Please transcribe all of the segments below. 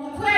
Mon frère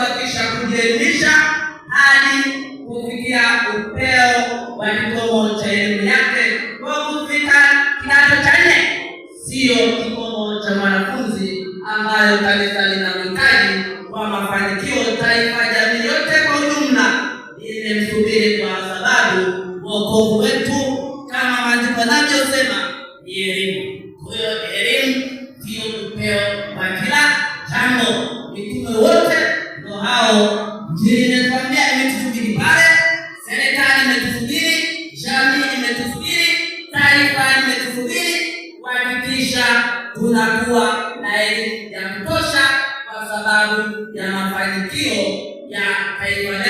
kuharakisha kujielimisha hadi kufikia upeo wa kikomo cha elimu yake kwa kufika kidato cha nne, siyo kikomo cha mwanafunzi ambayo kanisa lina mitaji kwa mafanikio taifa, jamii yote kwa ujumla imemsubiri, kwa sababu wokovu wetu kama maandiko yanavyosema ni elimu. Kwa hiyo elimu ndio upeo wa kila jambo mitume ndio hao mjini imetuambia imetufubiri pale, serikali imetufubiri, jamii imetufubiri, taifa imetufubiri kuhakikisha tunakuwa na elimu ya kutosha kwa sababu ya mafanikio ya taifa.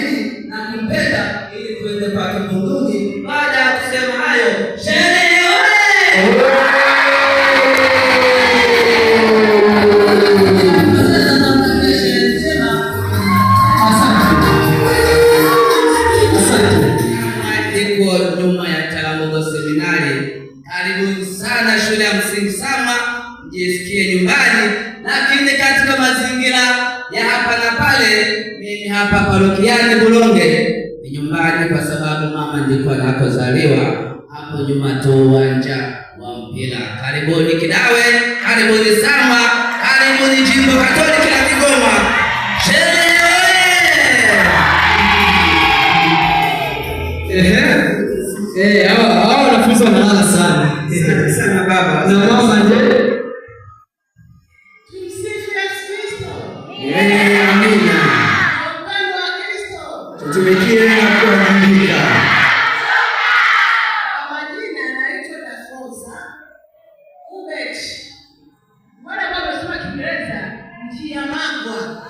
hili na nimpenda ili tuende pake Munduni. Baada ya kusema hayo, sherehe alikuwa nyuma ya Talamongo Seminari. Karibuni sana shule ya msingi Sama, mjisikie nyumbani lakini katika mazingira ya hapa na pale, mimi hapa parokiani Bulonge ni nyumbani, kwa sababu mama ndiko anakozaliwa. Hapo nyuma tu uwanja wa mpira. Karibuni Kidawe, karibuni Sama, karibuni jimbo Katoliki la Kigoma. Sherehe! Eh, hao wanafunzi wanalala sana. Sana baba. Na mama je? pet. Wale ambao wamesoma Kiingereza njia mangwa